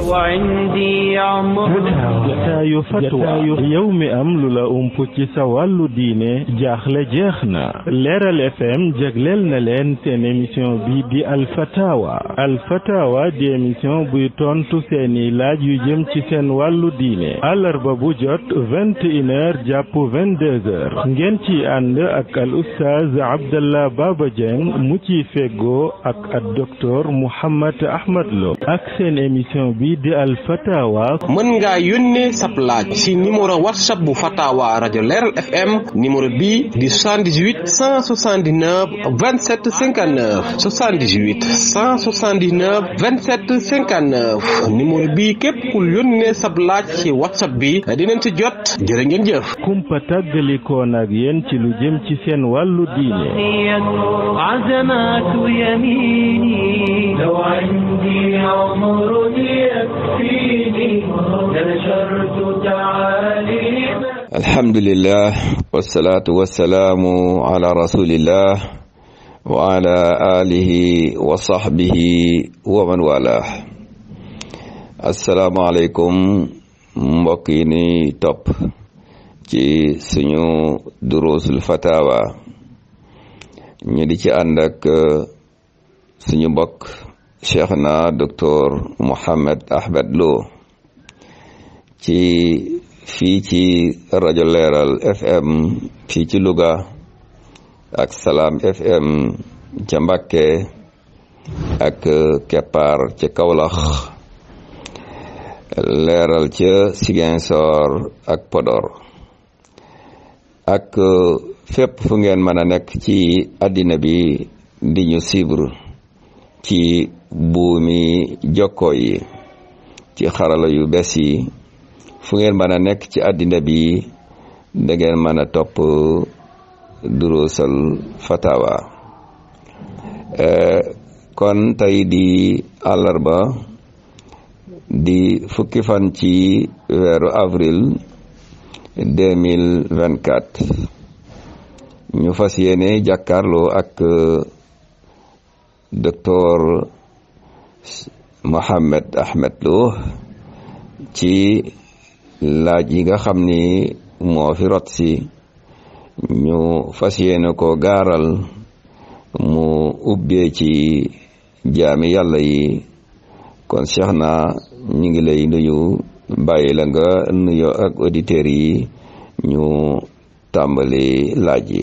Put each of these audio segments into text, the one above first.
وعندي عمر jataayu fatwa yow mi am lu la ump ci sa wàllu diine jaaxle jeex na leeral fm jagleel na leen seen émission bi di alfatawa alfatawa di émission buy tontu seeni laaj yu jëm ci seen wàllu diine àllarba bu jot vingt et une heures jàpp ngeen ci ànd ak al ustaaz abdallah baaba dieng mu ci feggoo ak ak docteur mouhammad ahmad lo ak seen émission bi mën nga yónnee sab laaj ci numéro whatsapp bu fatawa rajo leeral fm numéro bi di 78 179 27 59 78 bi képp yónnee sab ci whatsapp bi dinañ ci jot jërë ngeen jëf kumpa tàggalikoon ak yéen ci lu jëm ci seen wàllu diine تكفيني نشرت تعاليم الحمد لله والصلاة والسلام على رسول الله وعلى آله وصحبه ومن والاه السلام عليكم mbokk yi ni topp ci suñu durusul fatawa ñu di ci ànd ak suñu mbokk Cheikhna docteur Mohamed Ahmed Lo ci fii ci rajo Leeral FM fii ci Louga ak Salam FM ca mbakke ak Keppaar ci kawlax leeral ca Ziguinchor ak Podor ak fépp fu ngeen mën a nekk ci àddina bi di ñu suivre ci buumi jokko yi ci xarala yu bees yi fu ngeen mën a nekk ci àddina bi da ngeen mën a topp duruusal fatawa eh, kon tey di àllarba di fukki fan ci weeru avril deux mille ñu fas yéene jàkkaarloo ak docteur Mohamed Ahmed Lo ci laaj yi nga xam ni moo fi rot si ñu fas yéene ko gaaral mu ubbee ci jaami yàlla yi kon Cheikh na ñu ngi lay nuyu bàyyi la nga nuyoo ak auditeurs yi ñu tàmbali laaj yi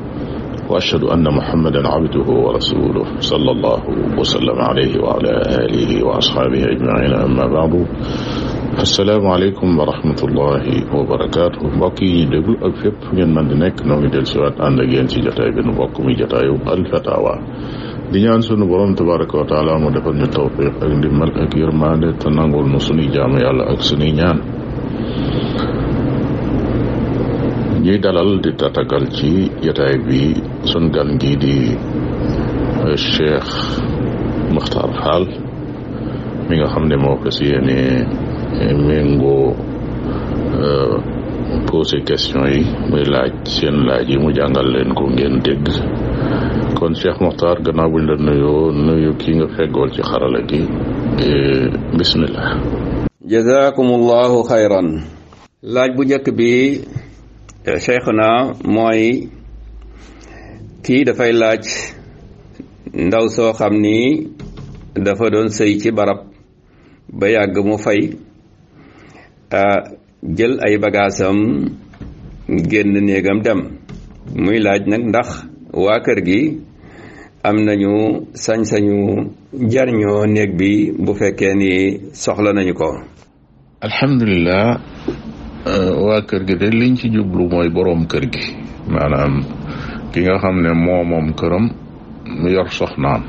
wa ashhadu anna muhammadan abduhu wa rasuluhu sallallahu wa sallam alayhi wa ala alihi wa ashaabihi ajmaina amma baadu asalaamaaleykum wa rahmatullahi wa barakaatu mbokk yi déglu ak fépp ngeen mën di nekk noo ngi del siwaat ànd ak yéen ci jotaay bi nu bokk mi jotaayu alfatawa di ñaan sunu borom tabaraka wa taala mu defal ñu tawfiq ak ndimbal ak yërmande te nangul nu sunuy jaamu yàlla ak sunuy ñaan ñuy dalal di tatagal ci jotaay bi sun gan gi di euh, Cheikh Makhtar Fall mi nga xam ne moo fas yéene euh, méngoo euh, posé question yi muy laaj seen laaj yi mu jàngal leen ko ngeen dégg kon Cheikh Makhtar gannaaw buñ la nuyoo nuyu kii nga feggool ci xarala gi bismillah jazakumullahu xayran laaj bu njëkk bi Cheikhuna mooy kii dafay laaj ndaw soo xam ni dafa doon sëy ci barab ba yàgg mu fay jël ay bagaasam génn néegam dem muy laaj nag ndax waa kër gi am nañu sañ-sañu jariñoo néeg bi bu fekkee ni soxla nañu ko Euh, waa kër gi de liñ ci jublu mooy boroom kër gi maanaam ki nga xam ne moo moom këram mu yor soxnaam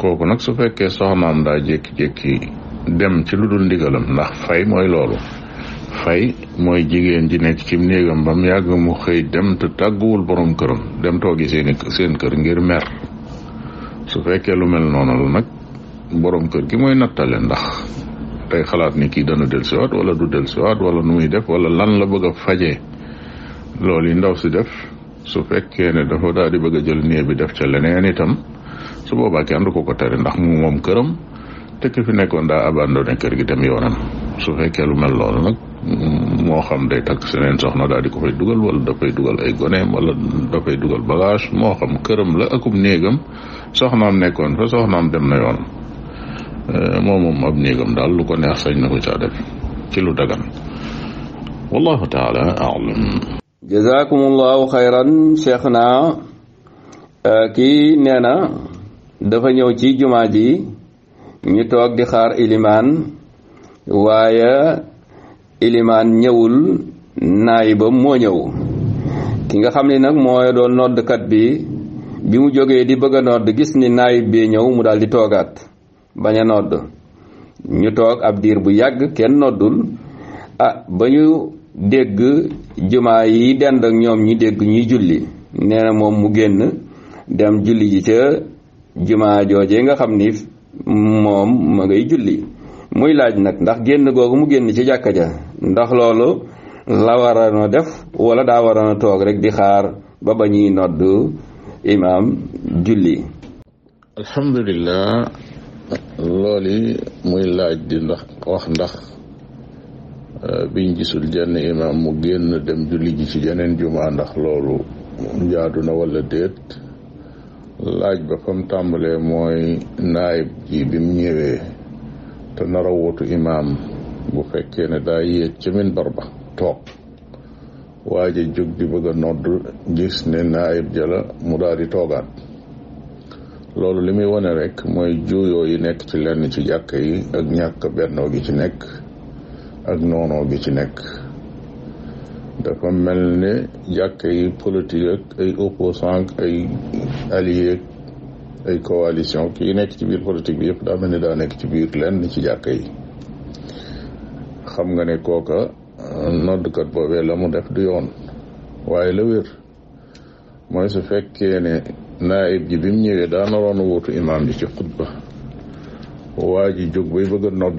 kooku nag su fekkee soxnaam daa jékki-jékki dem ci lu dul ndigalam ndax fay mooy loolu fay mooy jigéen ji nekk ci néegam ba mu yàgg mu xëy dem te tàgguwul boroom këram dem toogi seeni seen kër ngir mer su fekkee lu mel noonu la nag boroom kër gi mooy nattale ndax tey xalaat ni kii dana dellusiwaat wala du waat wala nu muy def wala lan la bëgg a fajee loolu yi ndaw si def su fekkee ne dafa daal di bëgg a jël néew bi def ca leneen itam su boobaa kenn du ko ko tere ndax mu moom këram te ki fi nekkoon daa abandonné kër gi dem yoonam su fekkee lu mel loolu nag moo xam day takk seneen soxna daal di ko fay dugal wala dafay dugal ay goneem wala dafay dugal bagage moo xam këram la akum néegam soxnaam nekkoon fa soxnaam dem na yoonam. Eh, moom moom ab néegam daal lu ko neex sañ na ko caa def ci lu dagan wallahu taala alam jazakumullahu xayran cheikh na eh, kii nee na dafa ñëw ci jumaa ji ñu toog di xaar ilimaan waaye ilimaan ñëwul naay ba moo ñëw ki nga xam ni nag mooy doon noddkat bi bi mu jógee di bëgg a nodd gis ni naay bee ñëw mu daal di toogaat bañ a nodd ñu toog ab diir bu yàgg kenn noddul ah ba ñu dégg jumaa yi dend ak ñoom ñu dégg ñuy julli nee na moom mu génn dem julli ji ca jumaa jooje nga xam ni moom ma ngay julli muy laaj nag ndax génn googu mu génn ci jàkka ja ndax loolu la waroon a def wala daa waroon a toog rek di xaar ba ba ñuy nodd imaam julli loolu yi muy laaj di ndax wax ndax euh, biñ gisul jenn imaam mu génn dem julli ji ci jeneen jumaa ndax loolu njaadu na walla déet laaj ba fam tàmbalee mooy naayib ji bi mu te nar a imaam bu fekkee ne daa yéeg ca minbar ba toog waaja jóg di bëgg a nodd gis ne naayib jala mu daal di toogaat loolu li muy wane rek mooy juuyoo yi nekk ci lenn ci jàkk yi ak ñàkk benno gi ci nekk ak noono gi ci nekk dafa mel ni jàkk yi politique ak ay opposant ay allié ay coalition ki nekk ci biir politique bi yëpp daa mel ni daa nekk ci biir lenn ci jàkk yi xam nga ne kooka euh, noddkat boobee la mu def du yoon waaye la wér mooy su fekkee ne naayib ji bi mu ñëwee daa naroon a wuutu imaam ji ci xutba waa jóg bay bëgg a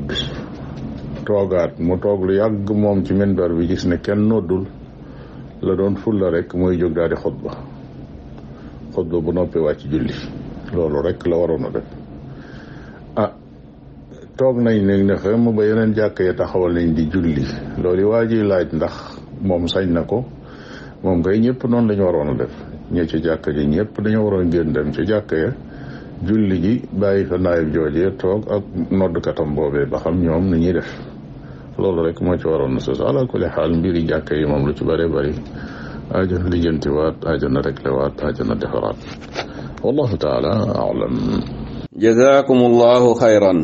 toogaat mu toog lu yàgg moom ci minbar bi gis ne kenn noddul la doon fulla rek mooy jóg daal di xutba xutba bu noppi wàcc julli loolu rek la waroon a def ah toog nañ ne ne xam ba yeneen jàkk ya taxawal nañ di julli loolu yi waa ji laaj ndax moom sañ na ko moom kay ñëpp noonu lañu waroon a def ñi ci jàkk ji ñëpp dañoo waroon génn dem ci jàkk ya julli ji bàyyi fa naayib joojee toog ak noddkatam boobee ba xam ñoom ni ñuy def loolu rekk moo ci waroon na sos ala kulli xaal mbiri jàkk yi moom lu ci bare bëri aajo na lijjantiwaat aajo na reklewaat aajo na defaraat wallahu taala alam jazakumullahu xayran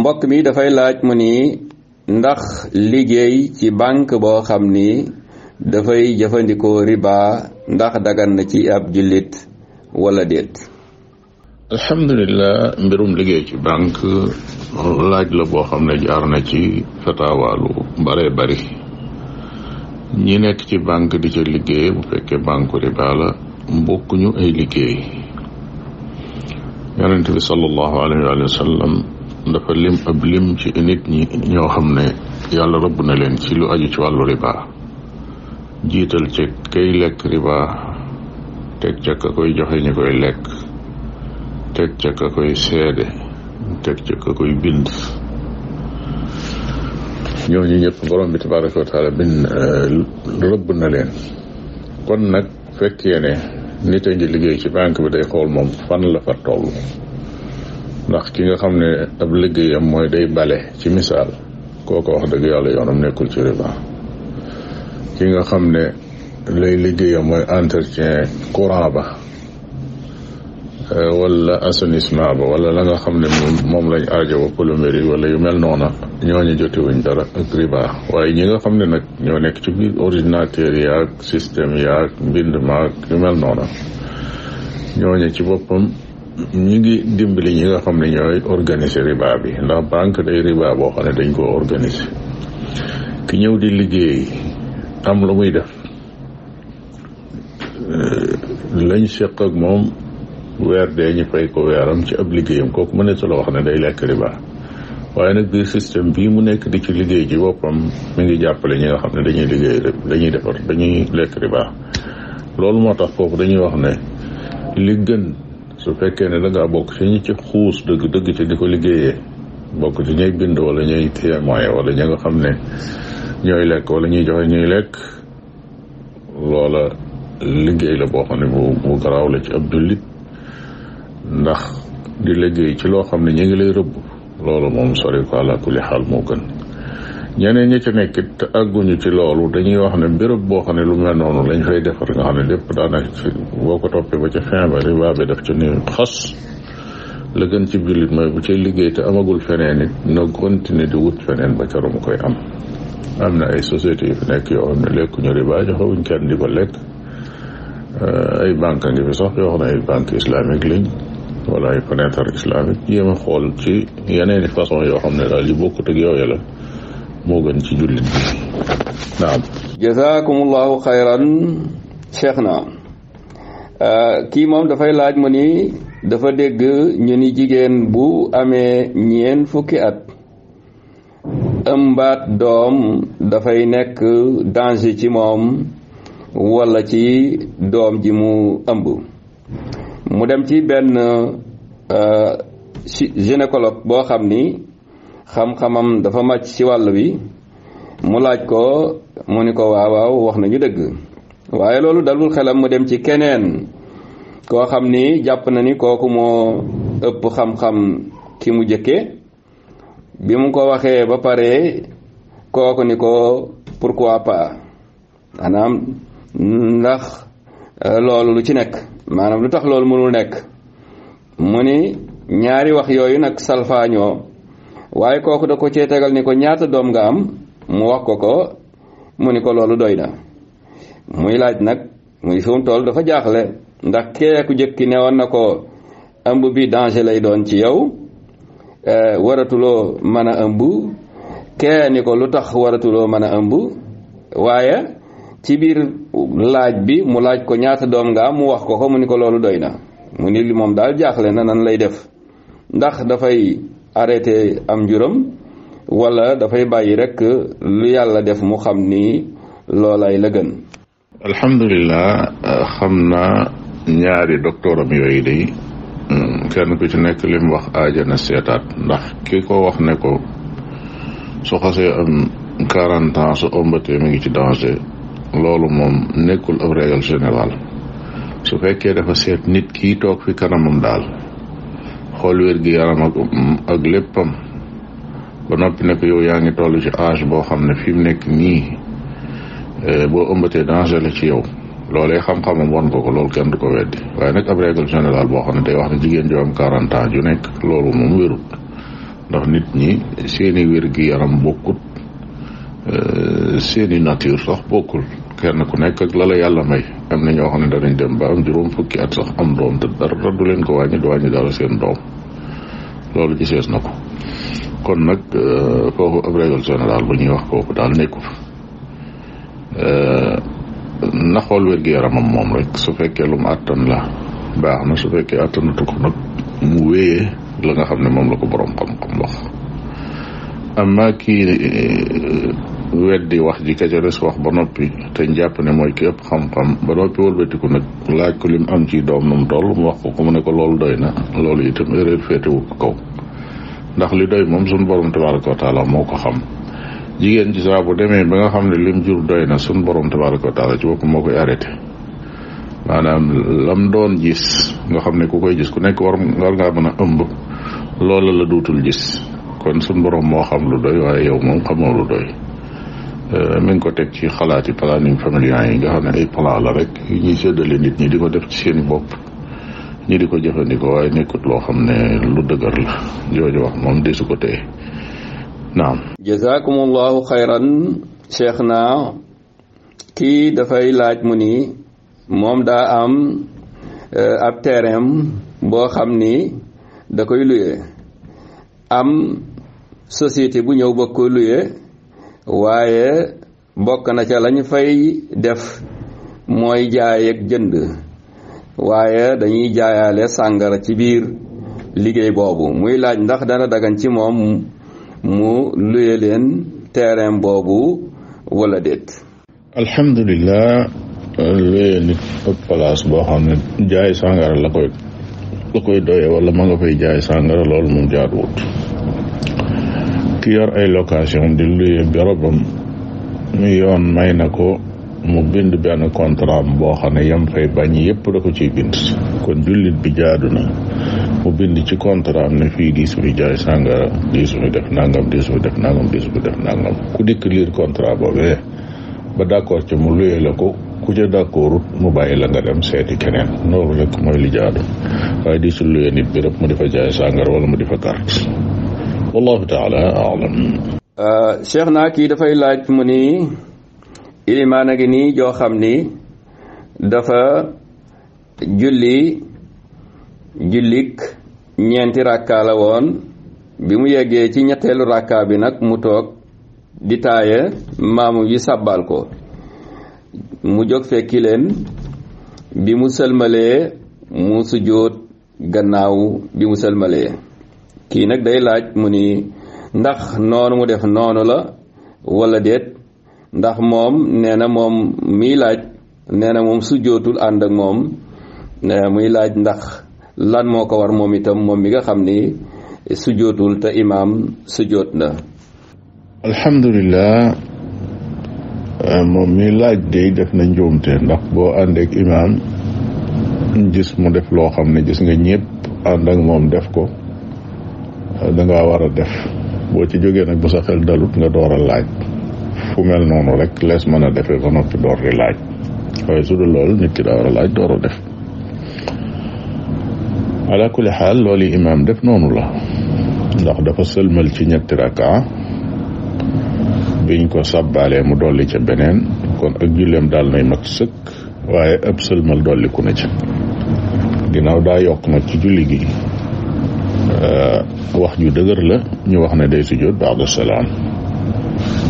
mbokk mi dafay laaj mu ni ndax liggéey ci banque boo xam ni dafay jëfandikoo ribaa ndax dagan na ci ab jullit walla déet alhamdulilah mbirum liggéey ci banque laaj la boo xam ne jaar na ci fatawaalu bare bari ñi nekk ci banque di ca liggéey bu fekkee banque riba la bokkuñu ay liggéey yonent bi sallallahu alayhi wa sallam dafa lim ab lim ci nit ñi ñoo xam ne yàlla rëbb na leen ci lu aju ci wàllu riba jiital ci kay lekk riba teg ca ka koy joxe ñu koy lekk teg ca ka koy seede teg ca ka koy bind ñooñu ñëpp borom bi tabaraka wa taala bind eh, rëbb na leen kon nag fekkee ne nit a ngi liggéey ci banque bi day xool moom fan la fa toll ndax ki nga xam ne ab liggéeyam mooy day bale ci misaal kooko wax dëgg yàlla yoonam nekkul ci riba ki nga xam ne lay liggéeyam mooy entretien courant ba euh, wala assainissement ba wala la nga xam ne moom lañ aajowo plomberie wala yu mel noona ñooñu jotewuñ dara ak riba waaye ñi nga xam ne nag ñoo nekk ci biir ordinateur yaag système yaag mbind maag yu mel noona ñooñu ci boppam ñi ngi dimbali ñi nga xam ne ñooy organiser riba bi ndax banque day riba boo xam ne dañ koo organiser ki ñëw di liggéey am lu muy def lañ seq ak moom weer dee ñu fay ko weeram ci ab liggéeyam kooku mu ne su la wax ne day lekk riba waaye nag biir système bii mu nekk di ci liggéey ji boppam mu ngi jàppale ñi nga xam ne dañuy liggéey dañuy defar dañuy lekk riba loolu moo tax foofu dañuy wax ne li gën su fekkee ne dangaa bokk ci ci xuus dëgg dëgg ci di ko liggéeyee bokk ci ñay bind wala ñay témoin wala ña nga xam ne ñooy lekk wala ñuy joxe ñuy lekk loola liggéey la boo xam ne bu garaaw la ci ab jullit ndax di liggéey ci loo xam ne ñu ngi lay rëbb loolu moom sori ko ala kulli xaal moo gën ñeneen ñi ci nekkit te àgguñu ci loolu dañuy wax ne béréb boo xam ne lu mel noonu lañ fay defar nga xam ne lépp daanaka boo ko toppee ba ca fin ba riba bi def ci ni xas la gën ci jullit mooy bu cay liggéey te amagul feneen it na continuer di wut feneen ba ca koy am am na ay société yu fi nekk yoo xam ne lekkuñu riba joxewuñ kenn di ko lekk euh, ay banque ngi fi sax yoo xam ne ay banque islamique lañ wala ay fenêtre islamique xool ci yeneen i façon yoo xam ne daal yi bokkut ak yooyu la moo gën ci jullit naam jazakumullahu xayran cheikh na euh, kii moom dafay laaj mu ni dafa dégg ñu ni jigéen bu amee ñeen fukki at ëmbaat doom dafay nekk danger ci moom walla ci doom ji mu ëmb mu dem ci benn euh, gynécologue boo xam ni xam-xamam dafa màcc ci wàll bi mu laaj ko mu ni ko waaw waaw wax nañu dëgg waaye loolu dalul xelam mu dem ci keneen koo xam ni jàpp na ni kooku moo ëpp xam-xam ki mu jëkkee bi mu ko waxee ba pare kooku ni ko pour quoi pas maanaam ndax euh, loolu lu ci nekk maanaam lu tax loolu mënul nekk mu ni ñaari wax yooyu nag salfaañoo waaye kooku da ko cee tegal ni ko ñaata doom nga am mu wax ko ko mu ni ko loolu doy na muy laaj nag muy fi mu toll dafa jaaxle ndax keeku jëkki newoon na ko ëmb bi danger lay doon ci yow Eh, waratuloo mën a ëmb kee ni ko lu tax waratuloo mën a ëmb waaye ci biir laaj bi mu laaj ko ñaata doom nga am mu wax ko ko mu ni ko loolu doy na mu ni li moom daal jaaxle na nan lay def ndax dafay arrêté am njuram walla dafay bàyyi rek lu yàlla def mu xam ni loolay la gën alhamdulilah eh, xam naa ñaari doctoram yooyu day Mm, kenn ku ci nekk lim wax aaja na seetaat ndax ki ko wax ne ko su xasee am quarante ans su ëmbatee mi ngi ci danger loolu moom nekkul ab règle générale su fekkee dafa seet nit kii toog fi kanamam daal xool wér gi yaram ak ak léppam ba noppi ne yow yaa ngi toll ci âge boo xam ne fi mu nekk nii eh, boo ëmbatee danger la ci yow loolee xam-xamam won ko ko loolu kenn du ko weddi waaye nag ab règle générale boo xam ne day wax ne jigéen ju am quarante ans ju nekk loolu moom wérut ndax nit ñi seeni wér gi yaram bokkut euh, seeni nature sax bokkul kenn ku nekk ak la yàlla may am na ñoo xam ne danañ dem ba juróom fukki at sax am doom te dara du leen ko wàññi du wàññi dara seen doom loolu gisees na ko kon nag euh, foofu ab règle bu ñuy wax kooku daal nekku fa euh, na xool wér yaramam moom rek su fekkee lu mu àttan la baax na su fekkee àttanatu ko nag mu wéyee la nga xam ne moom la ko boroom xam-xam wax amma kii eh, weddi wax ji ka ca wax ba noppi te jàpp ne mooy képp xam-xam ba noppi wëlbatiku nag laaj ko lim am ci doom nu mu toll mu wax ko ko ne ko loolu doy na loolu itam erreur féetewu kaw ndax li doy moom suñu borom tabaraka wa taala moo ko xam jigéen ci saa bu demee ba nga xam ne lim jur doy na sun borom tabaraka wa taala ci bopp moo koy arrêté maanaam lam doon gis nga xam ne ku koy gis ku nekk war nga ngaa mën a ëmb loola la duutul gis kon sun borom moo xam lu doy waaye yow moom xamoo lu doy euh, mi ngi ko teg ci xalaati planning familial yi nga xam ne ay plan la rek ñuy séddale nit ñi di ko def ci seen bopp ñi di ko jëfandikoo waaye nekkut loo xam ne lu dëgër la jooju wax moom desu ko téye naam jazakumullahu xayran cheikh na kii dafay laaj mu ni moom daa am eh, ab terrain boo xam ni da koy luye am société bu ñëw bëgg ko luye waaye bokk na ca lañu fay def mooy jaay ak jënd waaye dañuy jaayaale sàngara ci biir liggéey boobu muy laaj ndax dana dagan ci moom mu luye leen terrain boobu walla déet. alhamdulilah luye nit ak place boo xam ne jaay sàngara la koy la koy doye wala ma nga fay jaay sàngara loolu moom jaaduwut ki yor ay location di luye barabam yoon may na ko. mu bind benn contrat boo xam ne yam fay bañ yépp da ko ciy bind kon jullit bi jaadu na mu bind ci contrat ne fii diis bi jaay sàngara diis bi def nangam diis bi def nangam diis bi def nangam ku dikk liir contrat boobee ba d'accord ci mu luyee la ko ku ca d'accordut mu bàyyi la nga dem seeti keneen loolu rek mooy li jaadu waaye diisul luyee nit bi rek mu di fa jaay sàngara wala mu di fa carte wallahu taala alam euh, cheikh naa kii dafay laaj mu ni ilimaan a ngi nii joo xam ni dafa julli jullik ñeenti rakka la woon bi mu yeggee ci ñetteelu rakka bi nag mu toog di taaye maamu yi sàbbal ko mu jog fekki leen bi mu sëlmalee mu sujjóot gannaaw bi mu sëlmalee kii nag day laaj mu ni ndax noonu mu def noonu la walla déet ndax moom nee na moom miy laaj nee na moom su jootul ànd ak moom muy laaj ndax lan moo ko war moom itam moom mi nga xam ni su te imaam su na alhamdulilah moom mi laaj day def na njuumte ndax boo àndeek imaam gis mu def loo xam ne gis nga ñëpp ànd ak moom def ko danga war a def boo ci jógee nag bu sa xel dalut nga door laaj fu mel noonu rek lees mën a defee ba noppi door di laaj waaye su dul loolu nit ki daa war a door a def ala xaal loolu yi imaam def noonu la ndax dafa sëlmal ci ñetti raka biñ ko sabbaalee mu dolli ca beneen kon ak julleem daal nay mat sëkk waaye ëpp sëlmal dolliku na ca ginnaaw daa yokk nag ci julli gi wax ju dëgër la ñu wax ne day sujjóot ba'da salaam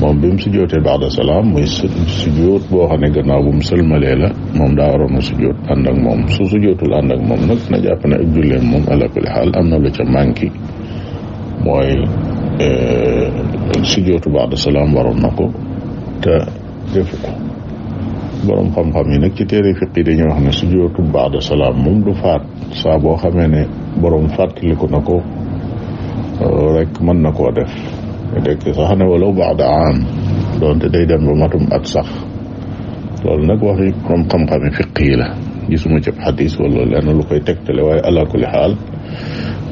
moom bi mu sujjootee baada salaam muy sujjoot boo xam ne gannaaw bu la moom daa waroon a sujjoot moom su sujjootul ànd moom nag na jàpp na ak julleem moom ala kulli xaal am na lu ca manqué mooy eh, sujjootu baada salaam waroon na ko te defu ko borom xam-xam yi nag ci téere fiq yi dañuy wax ne sujjootu baada salaam moom du faat saa boo xamee ne borom fàttaliku na ko eh, rek mën na koo def. nekk sax ne walaw ba'da am doonte day dem ba matum at sax loolu nag waxi comme xam-xami fiq yi la gisuma ci xadis wala lenn lu koy tegtale waaye ala kulli xaal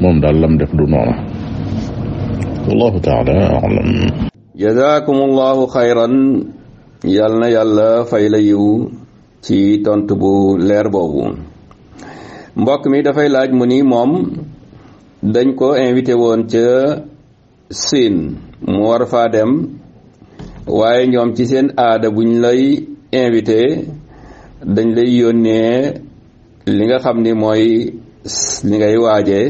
moom daal lam def du noona wallahu taala alam jazakumullahu xayran yal na yàlla fay la yiw ci tontu bu leer boobu mbokk mi dafay laaj mu ni moom dañ ko invité woon ca Siin mu war faa dem waaye ñoom ci seen aada buñ lay invité dañ lay yónnee li nga xam ni mooy li ngay waajee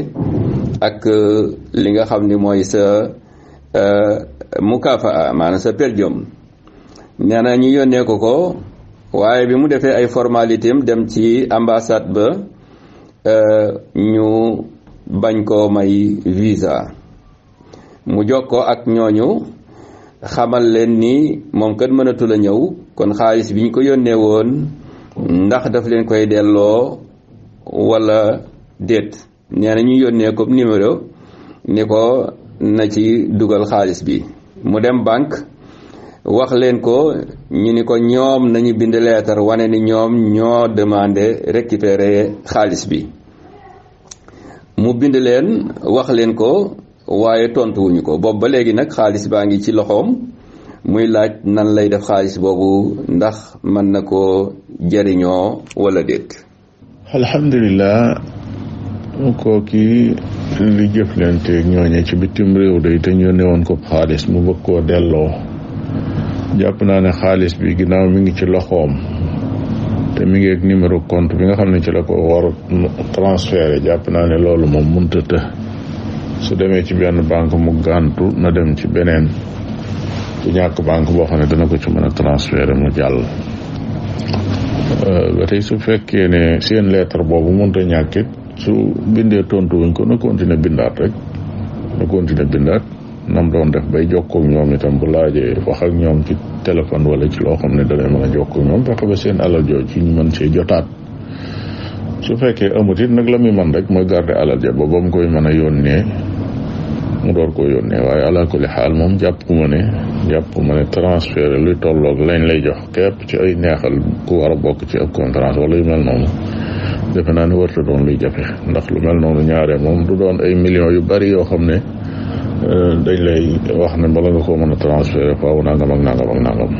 ak euh, li nga xam ni mooy sa euh, mukafaa maanaam sa perjom nee na ñu yónnee ko ko waaye bi mu defee ay formalité am dem ci ambassade ba euh, ñu bañ koo may visa mu jokkoo ak ñooñu xamal leen ni moom kat mënatu la ñëw kon xaalis bi ñu ko yónnee woon ndax daf leen koy delloo walla déet nee na ñu yónnee ko numéro ni ko na ci dugal xaalis bi mu dem banque wax leen ko ñu ni ko ñoom nañu bind leetar wane ni ñoom ñoo demande récupérer xaalis bi mu bind leen wax leen ko waaye tontuwuñu ko boobu ba léegi nag xaalis baa ngi ci loxoom muy laaj nan lay def xaalis boobu ndax mën na ko jariñoo wala déet alhamdulilah kooki li jëflante ñooñe ci bitim réew day te ñu newoon ko xaalis mu bëgg koo delloo jàpp naa ne xaalis bi ginnaaw mi ngi ci loxoom te mi ngi ak numéro compte bi nga xam ne ci la ko war transféré jàpp naa ne loolu moom munta të su demee ci benn banque mu gantu na dem ci beneen bu ñàkk banque boo xam ne dana ko ci mën a transférer mu jàll euh, ba tey su fekkee ne seen lettre boobu mënta ñàkkit su bindee tontu wuñ ko na continuer bindaat rek na continuer bindaat nam doon def bay jokkoo ñoom itam bu laajee wax ak ñoom ci téléphone wala ci loo xam ne dalay mën a ñoom fexe ba seen alal jooju ci ñu mën see jotaat su fekkee amut it nag la muy mën rek mooy garder alal ja ba ba koy mën a yónnee mu door ko yónnee waaye ala kulli xaal moom jàpp ma ne ma ne transfert luy tolloog lañ jox képp ci ay neexal ku war a ci ab conférence wala yu mel noonu defe naa ne warta doon luy jafe ndax lu mel noonu ñaare moom du doon ay millions yu bari yoo xam ne euh, dañ lay wax ne bala nga koo mën a transféré faaw nangam ak nangam ak nangam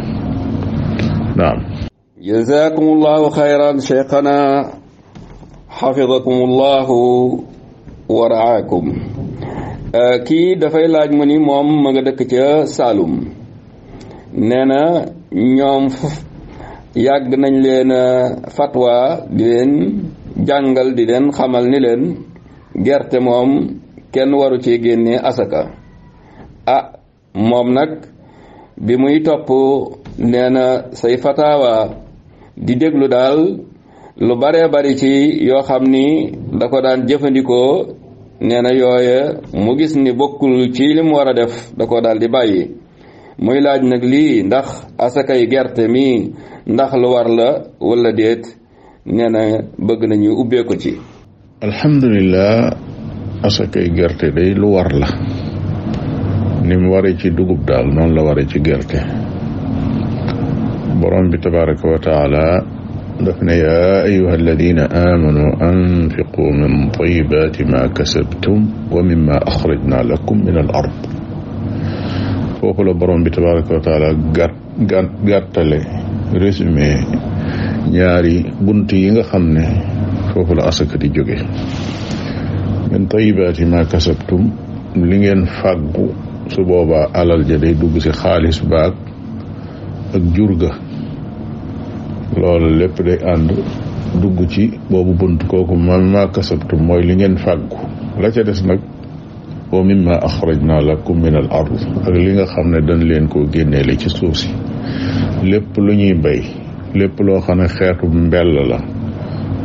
naam a xayran cheikhana xafidakumullahu wa raakum Euh, kii dafay laaj mu ni moom ma nga dëkk ca Saalum nee na ñoom yàgg nañ leen euh, fatwa di leen jàngal di leen xamal ni leen gerte moom kenn waru ci génne asaka ah moom nag bi muy topp nee na say fataawa di déglu daal lu baree bari ci yoo xam ni da ko daan jëfandikoo nee na yooye mu gis ni bokkul ci li war a def da ko daal di bàyyi muy laaj nag lii ndax asakay gerte mii ndax lu war la walla déet nee na bëgg nañu ubbee ko ci alhamdulilah asakay gerte day lu war la ni mu waree ci dugub daal noonu la waree ci gerte borom bi tabaraka wa taala daf ne yaa ayuha alladina anfiqu min tayibaati ma kasabtum wa mimma lakum min al ard foofu la borom bi tabaraka wa taala gàtt gàttale ñaari bunt yi nga xam ne foofu la asaka di jóge min tayibaati ma kasabtum li ngeen fàggu su boobaa alal ja day dugg si xaalis baag ak jur ga loolu lépp day ànd dugg ci boobu bunt kooku ma ma kasabtu mooy li ngeen fàggu la ca des nag wa mimma axrajna lakum min al ard ak li nga xam ne dañ leen koo génneele ci suuf si lépp lu ñuy bay lépp loo xam ne xeetu mbel la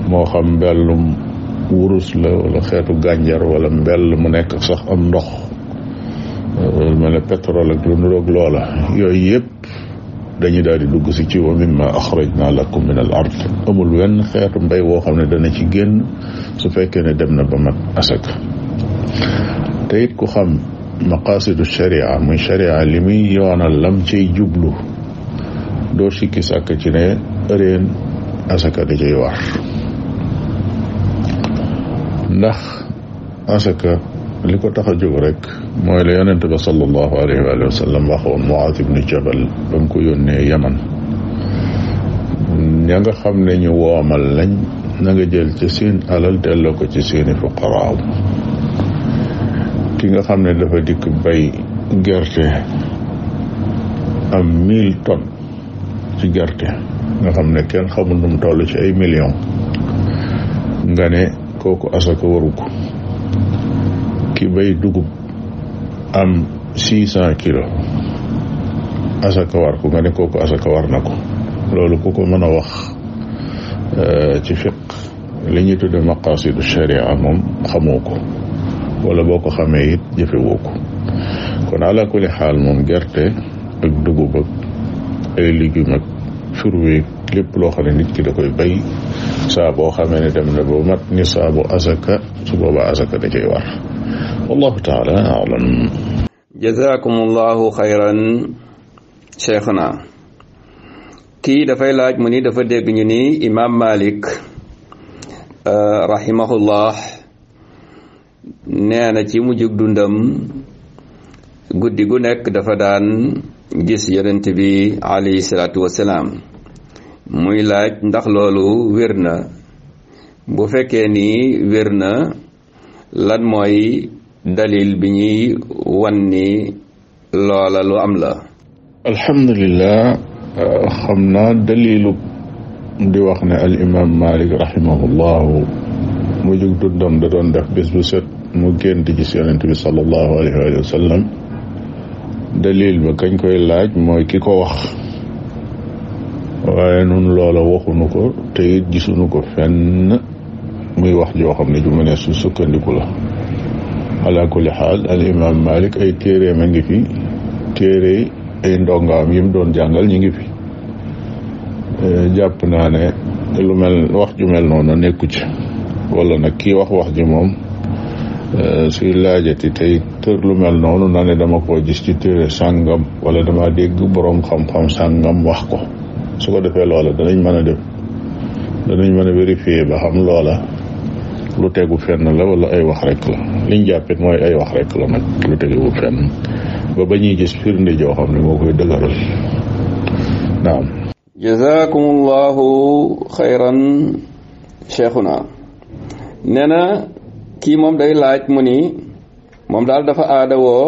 moo xam mbellum wurus la wala xeetu gànjar wala mbell mu nekk sax am ndox mel ne pétrole ak lu nuroog loola yooyu yëpp dañuy daal di dugg si ci wa mimma axrajna lakum min al ard amul wenn xeetu mbéy woo xam ne dana ci génn su fekkee ne dem na ba mat asaka te it ku xam maqaasidu sharia muy sharia li muy yoonal lam ciy jublu doo sikki sàkk ci ne reen asaka da cay ndax asaka li ko tax a jóg rek mooy la yonent ba sallallahu alayhi wa sallam waxoon Muaaz ibnu Jabal ba mu ko yónnee Yaman ña nga xam ne ñu woomal lañ na nga jël ci seen alal delloo ko ci seeni fuqaraaw ki nga xam ne dafa dikk bay gerte am mille tonnes ci gerte nga xam ne kenn xamul nu mu toll ci ay millions nga ne kooku asaka waru ki bay dugub am six cent kilo asaka war ko nga ne kooku asaka war na ko loolu ku ko mën a wax euh, ci fiq li ñuy tudde maqasidu sharia moom xamoo ko wala boo ko xamee it jëfewoo ko kon ala xaal moom gerte ak dugub ak ay légumes ak furweeg lépp loo xam ne nit ki da koy bay saa boo xamee ne dem na ba mat ni saa asaka su boobaa asaka da cay war wallahu taala alam jazakumullahu xayran cheikhna kii dafay laaj mu ni dafa dégg ñu ni imaam malik euh, rahimahullah nee na ci mujjug dundam guddi gu nekk dafa daan gis yonent bi alayhi salaatu wasalaam muy laaj ndax loolu wér na bu fekkee ni wér na lan mooy dalil bi ñuy wan ni loola am la alhamdulillah euh, xam naa dalilu di wax ne al imam malik rahimahullahu mu jug dundam da doon def bés bu set mu gént gis yonent bi sallallahu alayhi wa sallam ba kañ koy laaj mooy ki ko wax waaye nun loola waxunu ko te it gisunu ko fenn muy wax joo xam ne ju mënee su sukkandiku la ala kulli xaal al imam malik ay téeréem ma ngi fi téere ay ndongaam yi mu doon jàngal ñi ngi fi eh, jàpp naa ne lu mel wax ju mel noonu nekku ci walla nag kii wax wax ji moom eh, suy laajati tey tër lu mel noonu na ne dama ko gis ci téere sàngam wala dama dégg boroom xam-xam sàngam wax ko su ko defee loola danañ mën a def danañ mën a vérifier ba xam loola lu tegu fenn la wala ay wax rek la liñ jàppit mooy ay wax rek la nag lu teguwu fenn ba ba ñuy gis firnde joo ne na kii moom day laaj mu ni moom daal dafa aadawoo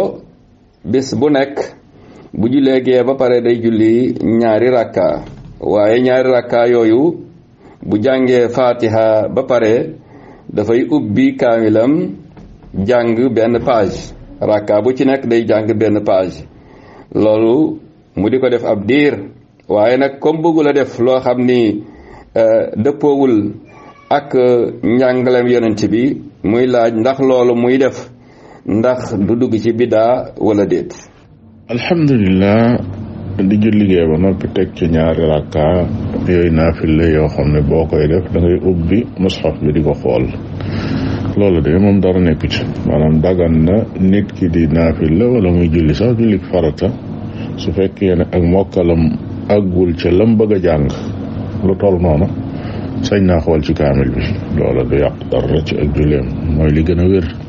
bis bu nekk bu jullee gee ba pare day julli ñaari rakka waaye ñaari rakka yooyu bu jàngee fatiha ba pare dafay ubbi kaamilam jàng benn page rakka bu ci nekk day jàng benn page loolu mu di ko def ab diir waaye nag comme bëggul a def loo xam ni euh, dëppoowul ak euh, njàngalem yonent bi muy laaj ndax loolu muy def ndax du dugg ci biddaa walla déet alhamdulillah di julli liggéey ba noppi teg ci ñaari rakka yooyu naafil la yoo xam ne boo koy def da ngay ubbi mushaf bi di ko xool loolu de moom dara nekku ci maanaam dagan na nit ki di naafil la wala muy julli sax julli farata su fekkee ne ak mokkalam àggul ca lam bëgg a jàng lu tol noonu sañ naa xool ci kaamil bi loola du yàq dara ci ak julleem mooy li gën a wér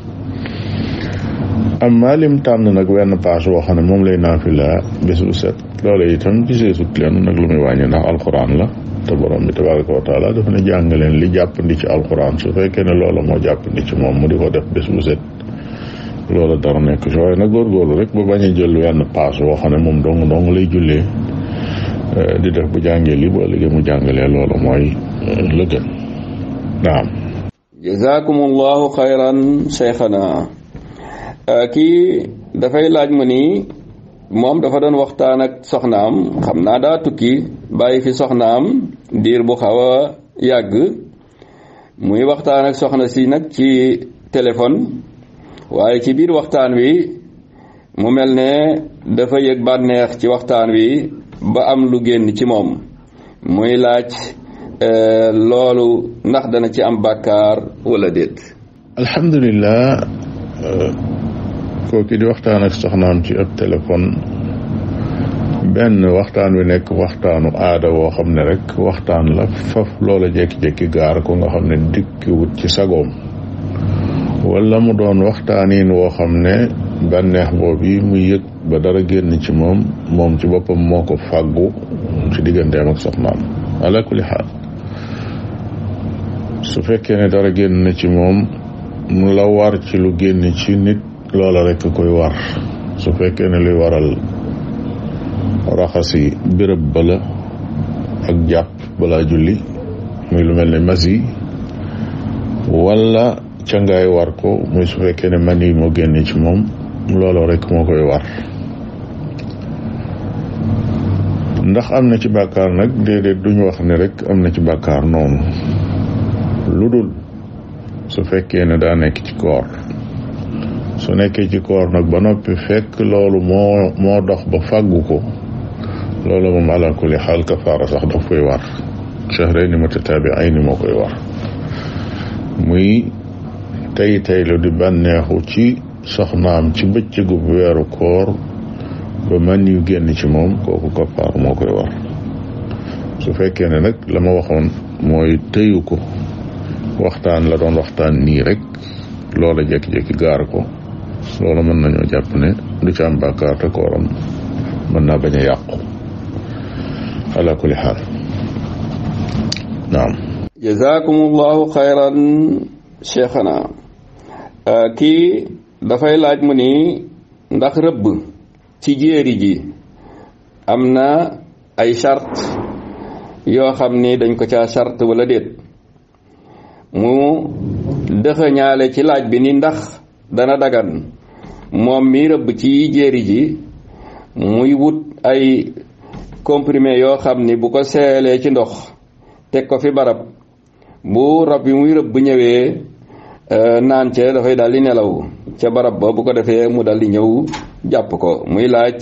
amma lim tànn nag wenn paas woo xam ne moom lay naafila bés bu set loolu itam gisee sut leen nag lu muy wàññi ndax alxuraan la te borom bi tabaraka wa taala dafa ne jàng leen li jàppandi ci alxuraan su fekkee loola moo jàppandi ci moom mu di ko def bés bu set loola dara nekk ci na nag góorgóorlu rek ba bañ a jël wenn paas woo xam ne moom dong dong lay jullee eh, di def bu jàngee li ba léegi mu jàngalee loolu mooy eh, la gën naam. jazaakumullahu xayran cheikhana Euh, kii dafay laaj ma nii moom dafa doon waxtaan ak soxnaam xam naa daa tukki bàyyi fi am diir bu xaw a yàgg muy waxtaan ak soxna si nag ci téléphone waaye ci biir waxtaan wi mu mel ne dafa yëg bànneex ci waxtaan wi ba am lu génn ci moom muy laaj euh, loolu ndax dana ci am bàkkaar walla déet kooki di waxtaan ak soxnaam ci ab téléphone benn waxtaan wi nekk waxtaanu aada woo xam ne rekk waxtaan la faf loola jékki-jékki gaar ko nga xam ne dikkiwut ci sagoom wala mu doon waxtaaniin woo xam ne bànneex boobu yi muy yëg ba dara génn ci moom moom ci boppam moo ko fàggu ci digganteem ak soxnaam ala xaal su fekkee ne dara génn na ci moom mu la war ci lu génn ci nit loola rek koy war su fekkee ne luy waral raxasi gërëb bala ak jàpp balaa julli muy lu mel ni mas yi wala cangaay war ko muy su fekkee ne man yi moo génne ci moom loola rek moo koy war ndax am na ci bàkkaar nag déedéet duñu wax ne rek am na ci bàkkaar noonu lu dul su fekkee ne daa nekk ci koor su nekkee ci koor nag ba noppi fekk loolu moo moo dox ba fàggu ko loolu moom ala kulli xaal kafaara sax daf koy war ay ni moo koy war muy tey teylu di bànneexu ci am ci bëccëgu weeru koor ba man yu génn ci moom kooku kafaara moo koy war su fekkee ne nag la ma waxoon mooy tëyu ko waxtaan la doon waxtaan nii rek loola jékki-jékki gaar ko loolu mën nañoo jàpp ne du ci am bàkkaar kooram mën naa bañ a yàqu ala kulli xaal naam jazakumullahu xayran cheikhana kii dafay laaj mu ni ndax rëbb ci jéeri ji am na ay charte yoo xam ni dañ ko caa charte wala déet mu dëxëñaale ci laaj bi ni ndax dana dagan moom mi rëbb ci jéeri ji muy wut ay comprimé yoo xam ni bu ko seelee ci ndox teg ko fi barab bu rab yi muy rëbb ñëwee euh, naan ca dafay daal di nelaw ca barab ba bu ko defee mu daal di ñëw jàpp ko muy laaj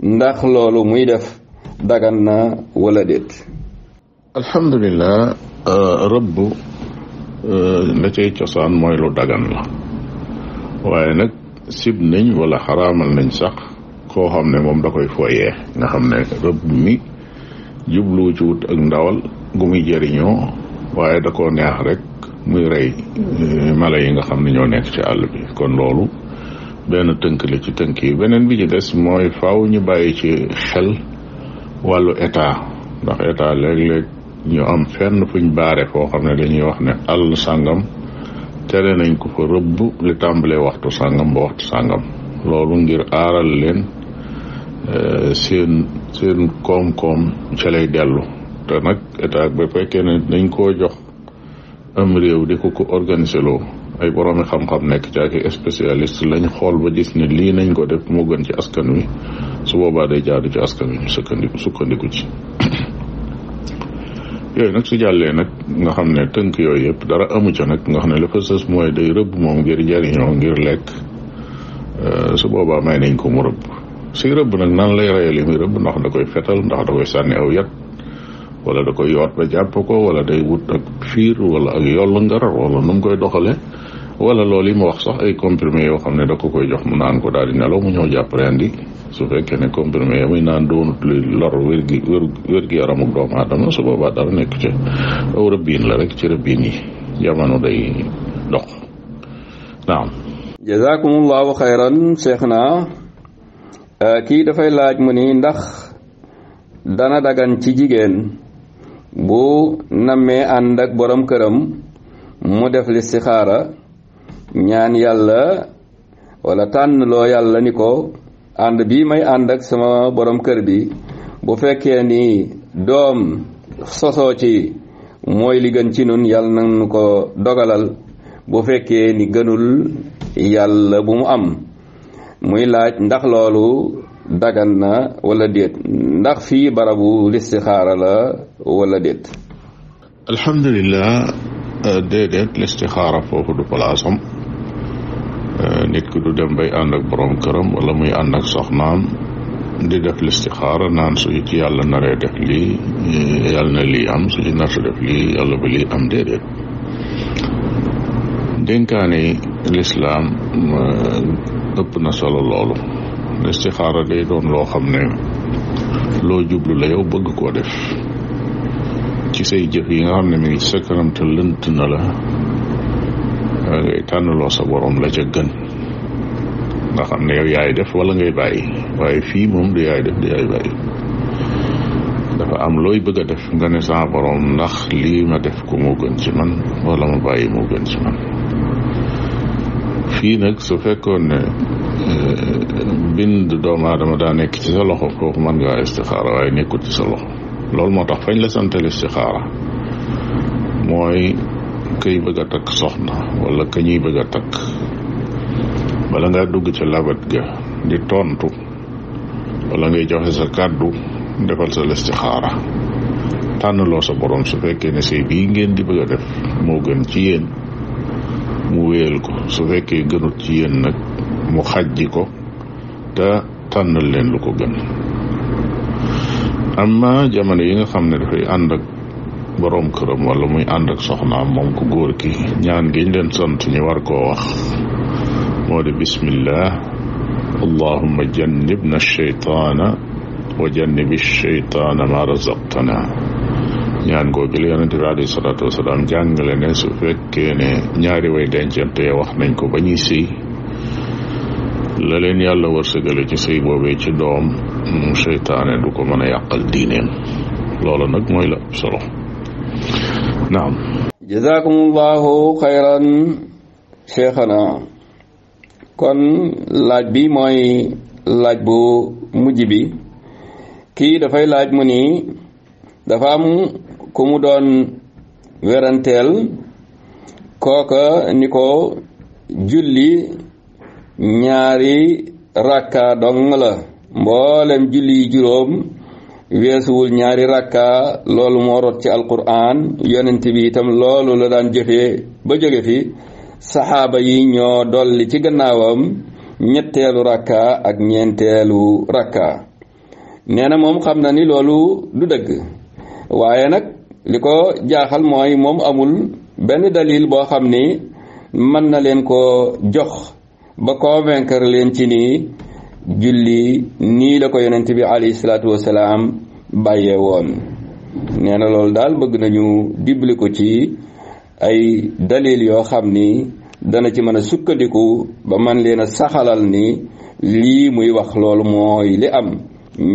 ndax loolu muy def dagan na walla déet alhamdulilah euh, rëbb euh, la cay cosaan mooy lu dagan la waaye nag sib nañ wala xaraamal nañ sax koo xam ne moom da koy fooyee nga xam ne rëbb mi jublu ci wut ak ndawal gu muy jëriñoo waaye da koo neex rek muy rey eh, mala yi nga xam ne ñoo nekk ci àll bi kon loolu benn tënk la ci tënk yi beneen bi ci des mooy faw ñu bàyyi ci xel wàllu état ndax état léeg-léeg ñu am fenn fuñ baare foo xam ne dañuy wax ne àll sàngam tere nañ ko fa rëbb li tàmbalee waxtu sàngam ba waxtu sàngam loolu ngir aaral leen eh, seen seen koom-koom ca dellu te nag état ba fekkee ne nañ koo jox am réew di ko ko organiselo ay boroomi xam-xam nekk ci ak spécialiste lañ xool ba gis ni lii nañ ko def moo gën ci askan wi su boobaa day jaadu ci askan wi sukkandiku sukkandiku ci yooyu nag su jàllee nag nga xam ne tënk yooyu yëpp dara amu ca nag nga xam ne la fa sës mooy day rëbb moom ngir jariñoo ngir lekk euh, su boobaa may dañ ko mu rëbb si rëbb nag nan lay reyal li muy rëbb ndax da koy fetal ndax da koy sànni aw yat wala da koy yoot ba jàpp ko wala day wut ak fiir wala ak yollu ngar wala nu koy doxale wala loolu yi mu wax sax ay comprimer yoo xam ne da ko koy jox mu naan ko daal di nelaw mu ñëw jàpp rendi su fekkee ne comprimé muy naan doonut luy lor wér gi wér gi yaramuk doomu aadama su boobaa dara nekk ci aw ci rëbbiin yi jamono day dox naam. jazakumullahu xayran seex naa euh, kii dafay laaj mu ni ndax dana dagan ci jigéen bu nammee ànd ak borom këram mu def listixaara ñaan yàlla wala tànn loo yàlla ni ko ànd bii may ànd ak sama boroom kër bi bu fekkee ni doom sosoo ci mooy li gën ci nun yàlla nu ko dogalal bu fekkee ni gënul yàlla bu mu am muy laaj ndax loolu dagan na walla déet ndax fii barabu listixaara la wala déet alhamdulilah nit du dem bay ànd ak borom wala muy ànd ak soxnaam di def listixaara naan suñu ci yàlla naree def li yàlla na lii am suñu nar su def lii yàlla ba lii am déedéet dénkaane yi lislaam euh, ëpp na solo loolu listixaara day doon loo xam ne loo jublu la yow bëgg koo def ci say jëf yi nga xam ne mi ngi ci te lënt na la ngay tànnaloo sa borom la ca nga xam ne yow yaay def wala ngay bàyyi waaye fii moom du yaay def du yaay bàyyi dafa am looy bëgg a def nga ne sa borom ndax lii ma def ko moo gën ci man wala ma bàyyi moo gën ci man fii nag su fekkoon ne eh, bind doomu adama daa nekk ci sa loxo kooku mën ngaa istixaara waaye nekkul ci sa loxo loolu moo tax fañ la santal istixaara mooy kay bëgg a takk soxna wala ka ñuy bëgg a takk bala nga dugg ca labat ga di tontu wala ngay joxe sa kàddu defal sa ci listixaara tànnaloo sa borom su fekkee ne sëy yi ngeen di bëgg a def moo gën ci yéen mu wéyal ko su fekkee gënut ci yéen nag mu xajji ko te tànnal leen lu ko gën amma jamono yi nga xam ne dafay ànd ak borom këram wala muy ànd ak soxnaam moom ku góor ki ñaan giñ leen sant ñu war koo wax moo di bismillah allahuma jannibna alcheytaana wa jannibi cheytaana ma razaqtana ñaan googu la yonente bi alayhi salaatu wasalaam jàngale ne su fekkee ne ñaari way dencante wax nañ ko ba ñuy sëy la leen yàlla wërsëgale ci sëy boobee ci doom mu cheytaane du ko mën a yàqal diineem loolu nag mooy la solo naam jazaakumullahu xayran cheikhana kon laaj bi mooy laaj bu mujj bi kii dafay laaj mu nii dafa am ku mu doon weranteel kooka ni ko julli ñaari rakka dong la mboolem julli yi juróom weesuwul ñaari rakka loolu moo rot ci alquran yonent bi itam loolu la daan jëfee ba jóge fi saxaaba yi ñoo dolli ci gannaawam ñetteelu rakka ak ñeenteelu rakka nee na moom xam na ni loolu du dëgg waaye nag li ko jaaxal mooy moom amul benn dalil boo xam ni mën na leen ko jox ba convaincre leen ci ni julli nii la ko yonent bi alayhi salaatu wasalaam bàyyee woon nee na loolu daal bëgg nañu dibli ko ci ay dalil yoo xam ni dana ci mën a sukkandiku ba man leen a saxalal ni lii muy wax loolu mooy li am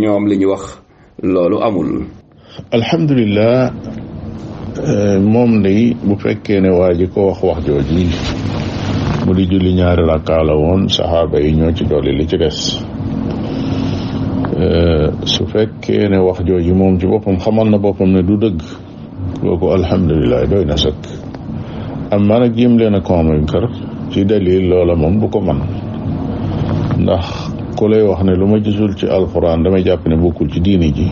ñoom li ñu wax loolu amul alhamdulilah euh, moom day bu fekkee ne waa ji ko wax wax jooji mu di julli ñaari rakkaa saxaaba yi ñoo ci dolli li ci des euh, su fekkee ne wax jooji moom ci boppam xamal na boppam ne du dëgg kooku alhamdulilah doy na amma nag jéem leen a convaincre ci dalil loola moom bu ko man ndax ku lay wax ne lu ma gisul ci alxuraan damay jàpp ne bokkul ci diine ji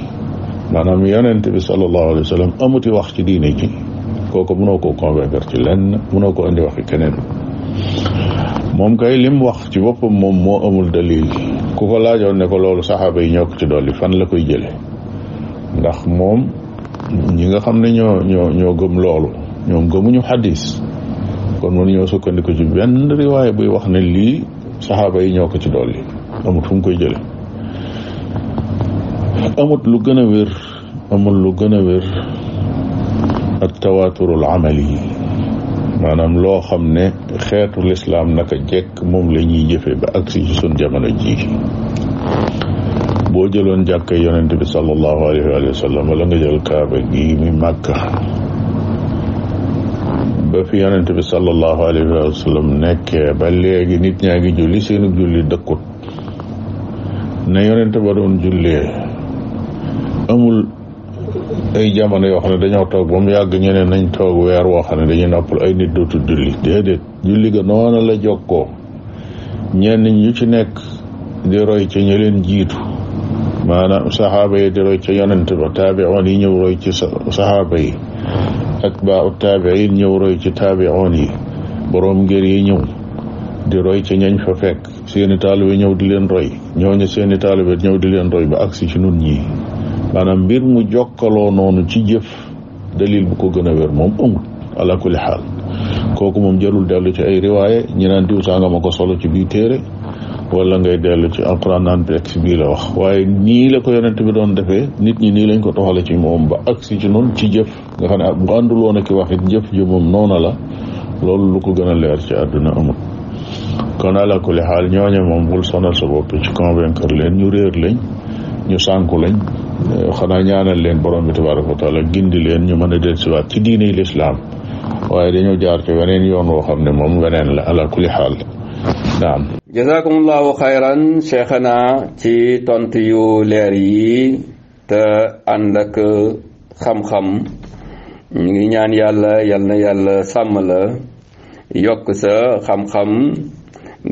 maanaam yonent bi sallallahu alayhi wa sallam amuti wax ci diine ji kooku mënoo koo convaincre ci lenn mënoo ko indi waxi keneen moom kay lim wax ci boppam moom moo amul dalil ku ko laajoon ne ko loolu saxaaba yi ñoo ko ci dolli fan la koy jële ndax moom ñi nga xam ne ñoo ñoo ñoo gëm loolu ñoom gëmuñu xadis kon ñoo sukkandiku ci benn riwaay buy wax ne lii saxaaba yi ñoo ko ci dolli amut fu mu koy jële amut lu gën a wér amul lu gën a wér ak tawaaturul amali yi maanaam loo xam ne xeetu lislaam naka jekk moom la ñuy jëfe ba agsi ci sun jamono ji boo jëloon jàkkay yonent bi sallallahu alayhi wa sallam wala nga jël kaaba gi mi màkka ba fi yonent bi sallallahu alayhi wa sallam nekkee ba léegi nit ñaa ngi julli seenu julli dëkkut ne yonent ba doon jullee amul ay jamono yoo xam ne dañoo toog ba mu yàgg ñeneen nañ toog weer woo xam ne dañuy noppal ay nit dootul julli déedéet julli ga noonu la jokkoo ñenn ñu ci nekk di roy ca ña leen jiitu maanaam saxaaba yi di roy ca yonent ba taabi'oon yi ñëw roy ci saxaaba yi atbaau taabiin ñëw roy ci taabi'oon yi boroom ngir yi ñëw di roy ci ñañ fa fekk seeni taalibe ñëw di leen roy ñooñu seeni taalibe ñëw di leen roy ba agsi ci nun ñii maanaam mbir mu jokkaloo noonu ci jëf dalil bu ko gën a wér moom amul ala kulli xaal kooku moom jarul dellu ci ay riwaaye ñi naan diw sàngama ko solo ci biir téere wala ngay dellu ci alquran naan bi bii la wax waaye nii la ko yonent bi doon defee nit ñi nii lañ ko toxale ci moom ba agsi ci noonu ci jëf nga xam ne bu àndul ki wax it jëf ji moom noona la loolu lu ko gën a leer ci àdduna amul kon ala kulli xaal ñooñe moom bul sonal sa bopp ci convaincre leen ñu réer lañ ñu sànku lañ eh, xanaa ñaanal leen borom bi tabaraka wa taala gindi leen ñu mën a dellusiwaat ci diine lislaam waaye dañoo jaar ci weneen yoon woo xam ne moom weneen la ala kulli naam jazakumullahu xayran ci tontu yu leer yi te ànd ak xam-xam ñu ngi ñaan yàlla yal na yàlla sàmm la yokk sa xam-xam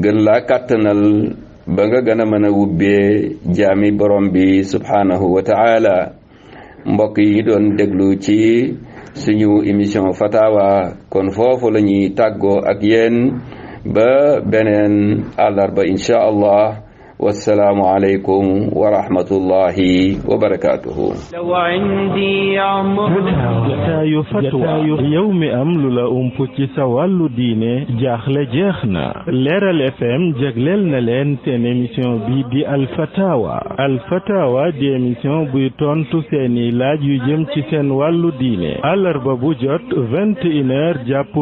gën laa kàttanal ba nga gën a mën a wubbee jaami borom bi subhaanahu wa mbokk yi doon déglu ci suñu émission fatawa kon foofu lañuy tàggoo ak yéen ba beneen àllarba incha allah والسلام عليكم ورحمة الله وبركاته لو عندي mi am lu la ump ci sa wàllu diine jaaxle jeex na leeral fm jagleel leen seen émission bi di alfatawa alfatawa di émission buy tontu seeni laaj yu jëm ci seen wàllu diine àllarba bu jot vingt et une heures jàpp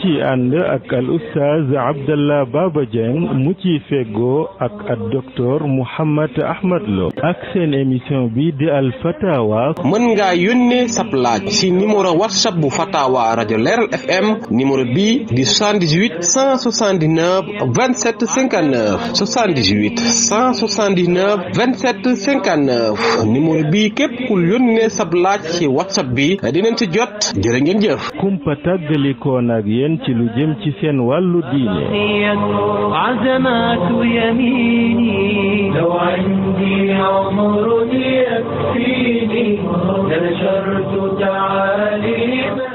ci ànd ak al oustaz Abdallah Baba Dieng mu ci feggo Lo ak ak docteur Mouhammad Ahmad Lo ak di al mën nga yónnee sab laaj si numéro whatsapp bu fatawa rajo Leeral FM numéro bi di 78 179 27 59 78 179 27 59 numéro bi képp ku yónnee sab laaj ci whatsapp bi dinañ si jot jërë ngeen jëf kumpa tàggalikoon ak yéen ci lu jëm ci seen wàllu diine يميني لو عندي عمر يكفيني نشرت تعاليم